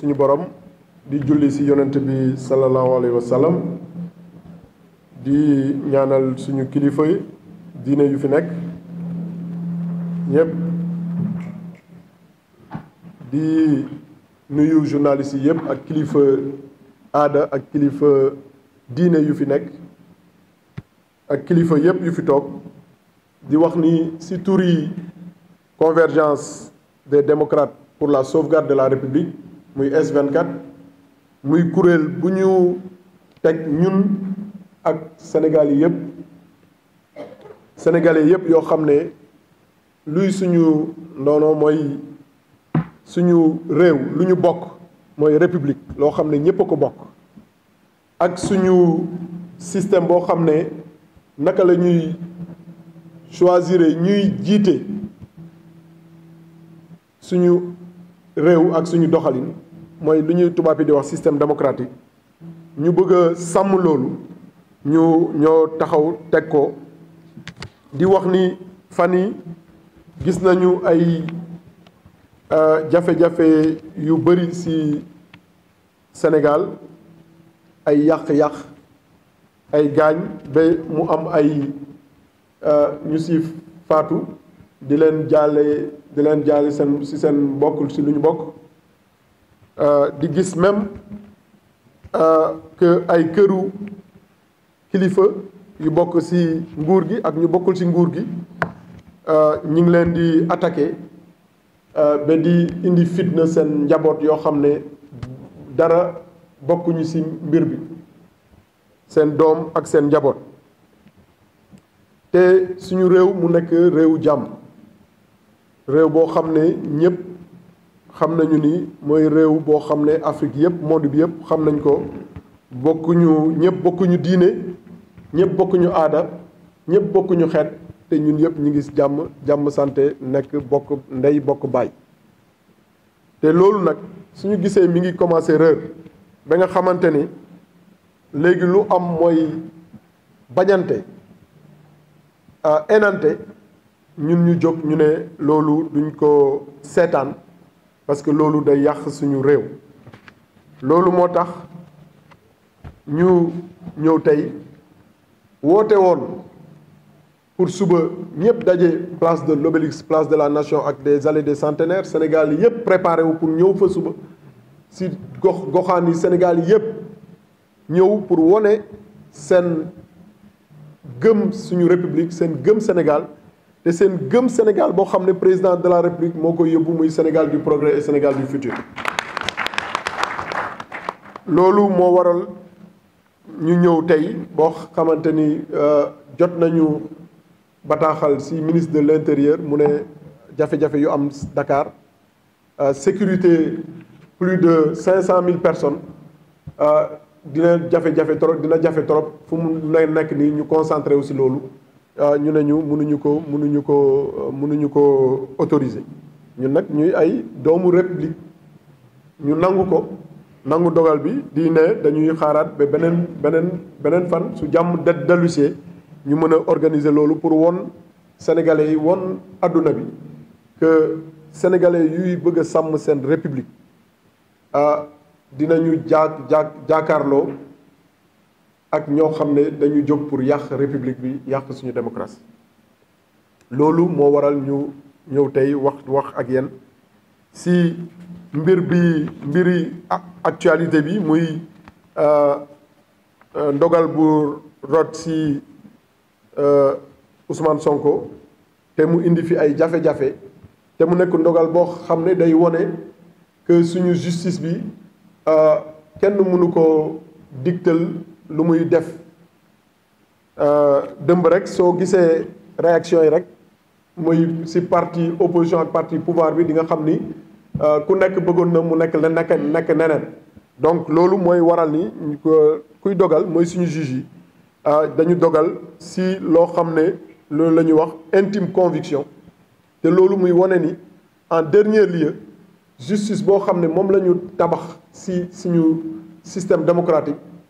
suñu borom di julli ci yonent bi sallallahu alayhi wa sallam di ñaanal suñu kilifa yi yu fi nekk ñëpp di nuyu ak ak di ni convergence des démocrates pour la sauvegarde de la République muy S24 muy kuréel bu ñu teg ñun ak Sénégal yi yëpp sénégalais yëpp yoo xam ne luy suñu ndono mooy suñu réew lu ñu bokk mooy république loo xam ne ñëpp a ko bokk ak suñu système boo xam ne naka la ñuy choisir ñuy jiite suñu réew ak suñu doxalin mooy lu ñuy tubaab yi di wax système démocratique ñu bëgg a sàmm loolu ñu ñoo taxaw teg ko di wax ni fan yi gis nañu ay euh, jafe-jafe yu bari ci senegal ay yàq-yàq ay gaañ ba mu am ay euh, ñu si faatu di jale jàlle di leen si sen bokul si luñu bok euh di gis même euh, que ay keuru khalifa yu bok si nguur gi ak ñu bokul si nguur gi euh ñing leen di euh be di indi fitna sen njabot yo xamne dara dara ñu si mbir bi sen dom ak sen njabot te suñu réew mu nek réewu jamm réew boo xam ne ñëpp xam nañu ni mooy réew boo xam ne Afrique yëpp monde bi yëpp xam nañ ko bokkuñu ñëpp bokkuñu diine ñëpp bokkuñu aada ñëpp bokkuñu xeet te ñun yëpp ñu ngi jàmm jàmm sante nekk bokk ndey bokk baay te loolu nag suñu gisee mi ngi commencé réer ba nga xamante ni léegi lu am mooy bañante ah, enante Nous, ñu jog ñu ne duñ ko parce que loolu day yàq suñu réew loolu moo ñu ñëw pour suba ñëpp daje place de l'Obélisque place de la nation ak des allées des centenaires Sénégal préparé pour ñëw fa suba si gox Sénégal pour république Sénégal te seen gëm Sénégal bo xamné président de la République moko ko muy Sénégal du progrès et Sénégal du futur lolu mo waral ñu ñëw tay bo xamante euh jot nañu ci ministre de l'intérieur mune jafé jafé yu am Dakar euh, sécurité plus de 500 000 personnes, personnes euh, dina jafé jafé trop dina jafé trop fu mu nek ni ñu concentré aussi lolu Euh, ñu ne ñu munuñu ko mënuñu ko mënuñu ko euh, autoriser ñu nag ñuy ay doomu république ñu nangu ko nangu dogal bi di ne dañuy xaaraat ba beneen beneen beneen fan su jàmm de dellusee ñu mën a organiser loolu pour won sénégalais yi won àdduna bi que sénégalais yuy bëgg a sàmm seen république ah dinañu jaak jaak jaakaarloo ak ñoo xam ne dañu jóg pour yàq république bi yàq suñu démocratie loolu moo waral ñu ñëw tey wax wax ak yéen si mbir bi mbiri actualité bi muy euh, euh, ndogal bu rot si euh, Ousmane Sonko te mu indi fi ay jafe-jafe te mu nekk ndogal boo xam ne day wone que suñu justice bi kenn mënu ko digtal lu muy def euh, dëmb rek soo gisee réaction yi rek muy si parti opposition ak parti pouvoir bi di nga xam ni euh, ku nekk bëggoon na mu nekk la nekk nekk neneen donc loolu mooy waral ni kuy dogal mooy suñu juge yi euh, dañu dogal si loo xam ne loolu la ñuy wax intime conviction te loolu muy wane ni en dernier lieu justice boo xam ne moom la ñu tabax si suñu système démocratique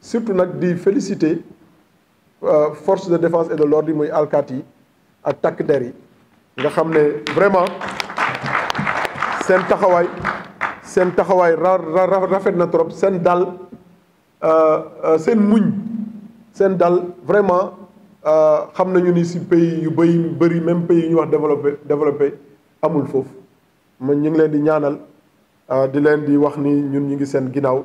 surtout nag di féliciter euh, force de défence et de l'ordre muy alkaati yi ak takk der yi nga xam ne vraiment seen taxawaay seen taxawaay rafet na trop seen dal euh, euh, seen muñ seen dal vraiment xam nañu ni ci pays yu bëri bëri même pays yu ñuy wax développé développé amul foofu man ñu ngi leen di ñaanal di leen di wax ni ñun ñu ngi seen ginnaaw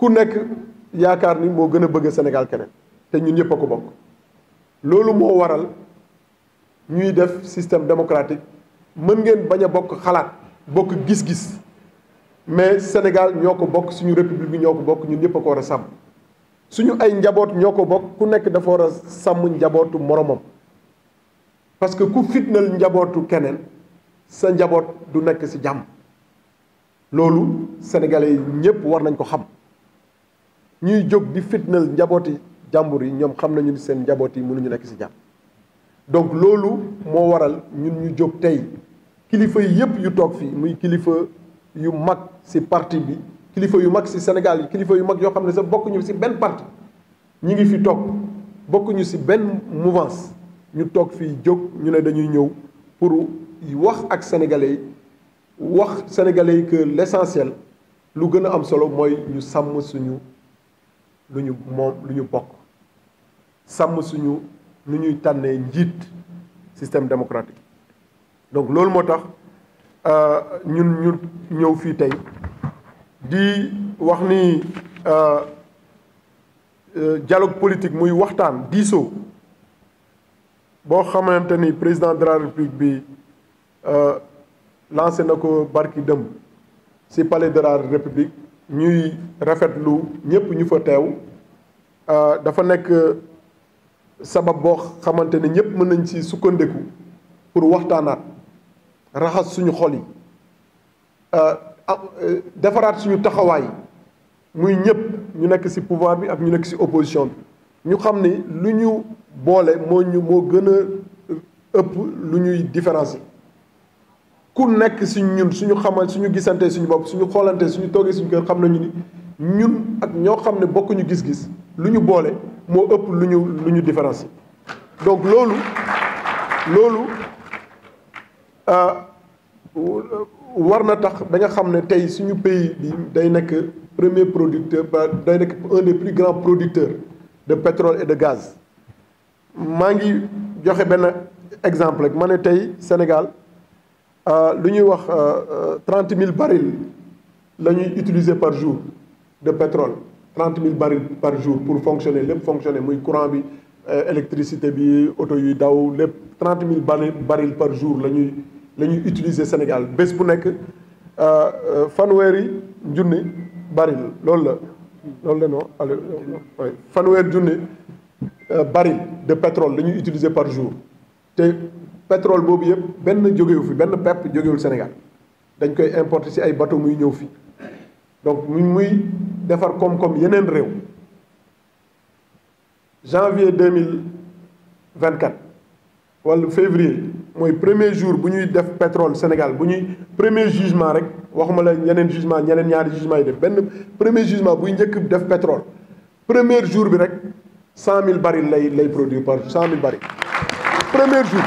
ku nekk yaakaar ni moo gën a bëgg senegal keneen te ñun ñëpp a ko bokk loolu moo waral ñuy def système démocratique mën ngeen bañ a bokk xalaat bokk gis-gis mais senegal ñoo ko bokk suñu république bi ñoo ko bokk ñun ñëpp a ko war a sàmm suñu ay njaboot ñoo ko bokk ku nekk dafa war a sàmm njabootu moromam parce que ku fitnal njabootu keneen sa njaboot du nekk ci jàmm loolu sénégalais yi ñëpp war nañ ko xam ñuy jóg di fitnal njabooti jàmbur yi ñoom xam nañu ni seen njaboot yi mënuñu nekk ci jàmm donc loolu moo waral ñun ñu jóg tey kilifa yi yëpp yu toog fii muy kilifa yu mag ci parti bi kilifa yu mag ci Sénégal yi kilifa yu mag yoo xam ne sax bokkuñu ci benn parti ñi ngi fi toog bokkuñu ci benn mouvance ñu toog fii jóg ñu ne dañuy ñëw pour wax ak sénégalais yi wax sénégalais yi que l'essentiel lu gën a am solo mooy ñu sàmm suñu. lu ñu moom lu ñu bokk sàmm suñu nu ñuy tànnee njiit système démocratique donc loolu moo tax euh, ñun ñu ñëw fii tey di wax ni euh, euh, dialogue politique muy waxtaan diisoo boo xamante ni président de la république bi lancé na ko barki dëmb ci palais de la république ñuy rafetlu ñëpp ñu fa teew euh, dafa nekk sabab boo xamante ni ñëpp mën nañ ci sukkandiku pour waxtaanaat raxas suñu xol yi euh, euh, defaraat suñu taxawaay muy ñëpp ñu nekk ci pouvoir bi ak ñu nekk ci opposition bi ñu xam ni lu ñu boole moo ñu moo gën a ëpp lu ñuy différencier ku nekk si ñun suñu xamal suñu gisante suñu bopp suñu xoolante suñu toogee suñu kër xam nañu ni ñun ak ñoo xam ne bokkuñu gis-gis lu ñu mo moo ëpp lu ñu lu donc lolu, lolu, euh, war na tax da nga xam ne tey suñu pays di day nekk premier producteur day nekk un des plus grands producteurs de pétrole et de gaz maa ngi joxe benn exemple rek ma ne tey Sénégal 30 euh, 000 euh, euh, barils utilisés par jour de pétrole 30 000 barils par jour pour fonctionner le fonctionner courant électricité bi auto yu daw 30 000 barils, par jour utilisés au Sénégal bes bu nek euh barils. la lol la non de pétrole lañuy par jour pétrole boobu yëpp benn jógewu fi benn pepp jógewul Sénégal dañ koy importer ci ay bateau muy ñëw fi donc muy muy defar koom-koom yeneen réew janvier 2024 mille wala février mooy premier jour bu ñuy def pétrole Sénégal bu ñuy premier jugement rek waxuma la yeneen jugement ñeneen ñaari jugement yi def benn premier jugement buy njëkk def pétrole premier jour bi rek cent mille baril lay lay produire par 100 000 baril premier jour.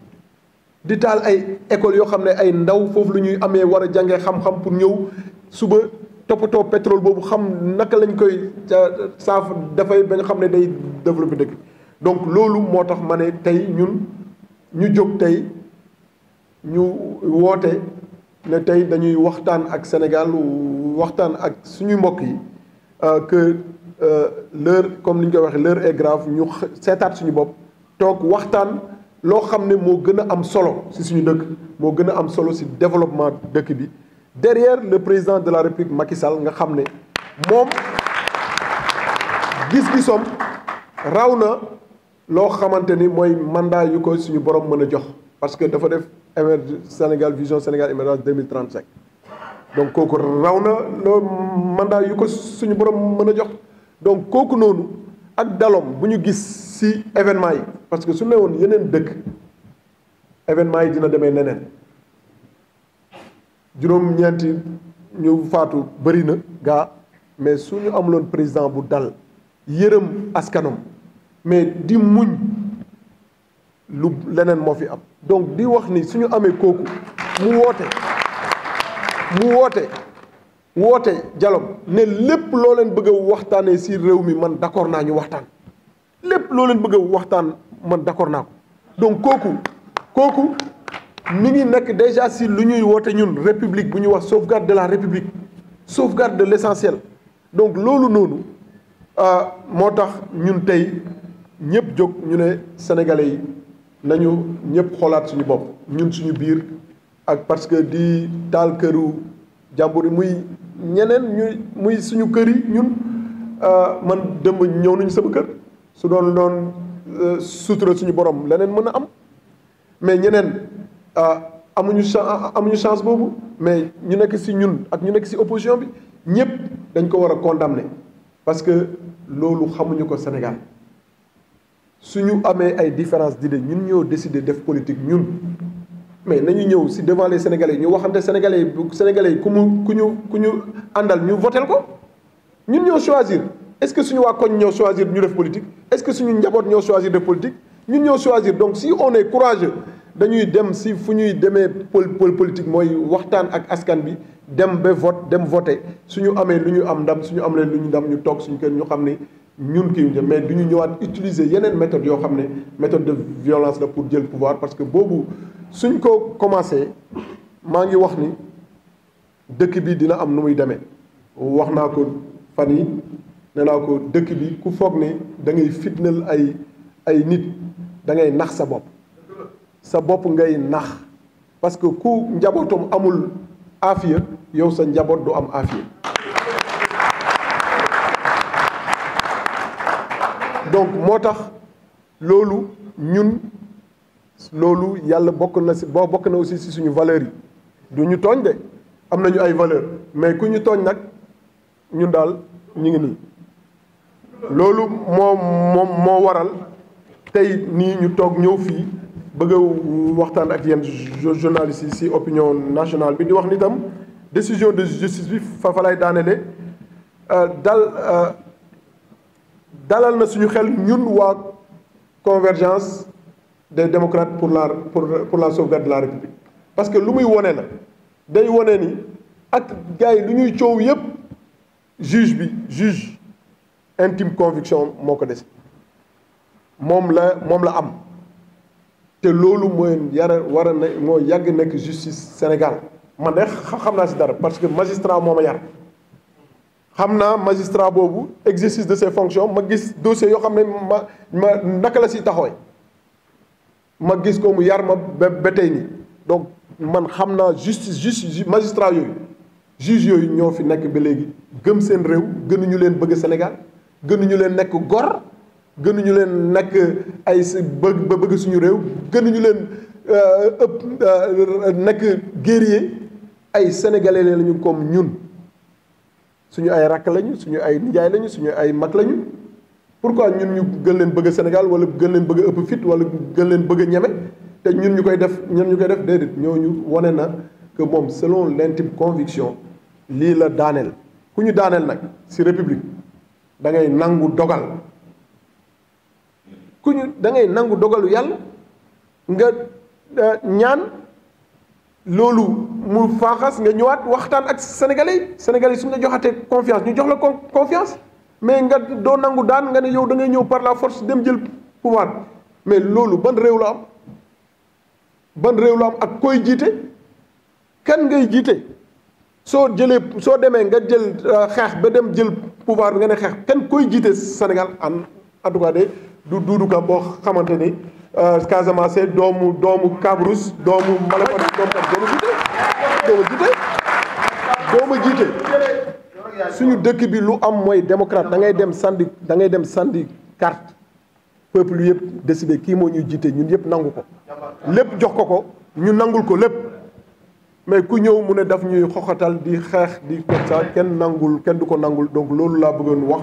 di taal ay école yoo xam ne ay ndaw foofu lu ñuy amee war a jàngee xam-xam pour ñëw suba toppatoo pétrole boobu xam naka lañ koy saaf dafay ba nga xam ne day développé dëkk donc loolu moo tax ma ne tey ñun ñu jóg tey ñu woote ne tey dañuy waxtaan ak Sénégal waxtaan ak suñu mbokk yi euh, que euh, l'heure comme ni ñu koy waxee l'heure est grave ñu seetaat suñu bopp toog waxtaan lo am solo ci suñu dëkk développement dëkk derrière le président de la république Macky Sall nga xamné mom gis-gisom mandat yu ko suñu borom mëna jox parce que dafa def vision Sénégal émergence 2035 donc koku rawna lo mandat yu ko suñu borom donc ak daloom bu ñu gis si événement yi parce que su ne woon yeneen dëkk événement yi dina demee neneen juróom-ñeenti ñu faatu bëri na gaa mais su ñu amuloon président bu dal yërëm askanam mais di muñ lu leneen moo fi am donc di wax ni suñu amee kooku mu woote mu woote woote jaloom ne lépp loo leen bëgg waxtaanee si réew mi man d'accord naa ñu waxtaan lépp loo leen bëgg waxtaan man d'accord naa ko donc kooku kooku mi ngi nekk déjà si lu ñuy woote ñun république bu ñu wax sauvegarde de la république sauvegarde de l'essentiel donc loolu noonu euh, moo tax ñun tey ñëpp jóg ñu ne sénégalais yi nañu ñëpp xoolaat suñu bopp ñun suñu biir ak parce que di taal këru. jàmbur yi muy ñeneen ñuy muy suñu kër yi ñun euh, man dëmb ñëw nañu sama kër su doon doon euh, sutura suñu borom leneen mën a am mais ñeneen euh, amuñu chance amuñu chance boobu mais ñu nekk si ñun ak ñu nekk si opposition bi ñëpp dañ ko war a condamner parce que loolu xamuñu ko Sénégal suñu amee ay différence d'idée ñun ñoo décider def politique ñun mais nañu ñëw si devant les sénégalais ñu waxante sénégalais sénégalais yi ku mu ku ñu ku ñu àndal ñu ko ñun ñoo choisir est-ce que suñu wa koñ ñoo choisir ñu def politique est-ce que suñu njabot ñoo choisir def politique ñun ñoo choisir donc si on est courageux dañuy dem si fu ñuy demee pôle politique moy waxtaan ak askan bi dem be vote dem voter suñu amé lu ñu am ndam suñu am leen lu ñu ndam ñu tok suñu kenn ñu xamné ñun ñun kii mais duñu ñëwaat utiliser yenen méthode yo xamné méthode de violence la pour jël pouvoir parce que bobu suñ ko commencé maa ngi wax ni dëkk bi dina am nu muy demee wax naa ko fan yi nee naa ko dëkk bi ku foog ne dangay ngay fitnal ay ay nit da ngay nax sa bopp sa bopp ngay nax parce que ku njabootam amul aafiya yow sa njaboot du am aafiya donc moo tax loolu ñun Lolou yalla bokk na bokk na aussi suñu valeur. yi valeur mais kuñu togn nak ñun dal ñi ngi waral tay ni ñu tok fi bëgg waxtaan ak opinion nationale bi di wax décision de justice bi fa fa lay euh, dal euh, dalal na suñu xel ñun convergence des démocrates pour la pour pour la sauvegarde de la république parce que lu muy wone la day wone ni ak gars lu ñuy coow yépp juge bi juge intime conviction moo ko des la moom la am te loolu mooy yara war a ne moo yàgg justice Sénégal man de xam naa ci dara parce que magistrat moo ma yar xam magistrat boobu exercice de ses fonctions ma gis dossier yoo xam ne ma ma naka la ci taxawee ma gis ko mu yar ma ba ba tey nii donc man xam naa justice justice magistrat yooyu juge yooyu ñoo fi nekk bi léegi gëm seen réew gënuñu leen bëgg Sénégal gënuñu leen nekk gor gënuñu leen nekk ay si bëgg ba bëgg suñu réew gënuñu leen euh, ëpp euh, nekk guerrier ay sénégalais lañu comme ñun suñu ay rakk lañu suñu ay nijaay lañu suñu ay mag lañu. pour quoi ñun ñu gën leen bëgg Sénégal wala gën leen bëgg a ëpp fit wala gën leen bëgg ñeme te ñun ñu koy def ñun ñu koy def déedéet ñu wane na que moom selon l'intime conviction lii la daaneel ku ñu daaneel nag ci république da ngay nangu dogal ku ñu da ngay nangu dogalu yàlla nga euh, ñaan loolu mu faaxas nga ñëwaat waxtaan ak sénégalais yi sénégalais yi su ñu la joxatee confiance ñu jox la confiance mais nga doo nangu daan nga ne yow dangay ngay ñëw par la force dem jël pouvoir mais loolu ban réew la am ban réew la am ak koy jiite kan ngay jiite soo jëlee soo demee nga jël euh, xeex ba dem jël pouvoir bi nga ne xeex kenn koy jiite Sénégal en en de du Doudou Ka boo xamante ni euh, Casamance doomu doomu Cabrousse doomu Malem doomu Ka doomu jiite doomu jiite jiite suñu dëkk bi lu am mooy démocrate da ngay dem sandi dangay dem sandi carte peuple yëpp décidé kii moo ñuy jiite ñun yëpp nangu ko lépp jox ko ko ñu nangul ko lépp mais ku ñëw mu ne daf ñuy xoxatal di xeex di comme ça kenn nangul kenn du ko nangul donc loolu laa bëggoon wax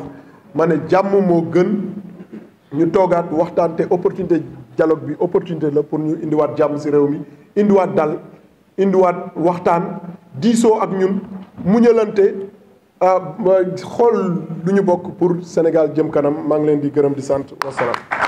ma ne jàmm moo gën ñu toogaat waxtaan te opportunité dialogue bi opportunité la pour ñu indiwaat jàmm ci réew mi indiwaat dal indiwaat waxtaan diisoo ak ñun muñalante ah xool lu ñu bokk pour Sénégal jëm kanam maa ngi leen di gërëm di sant wasalaam.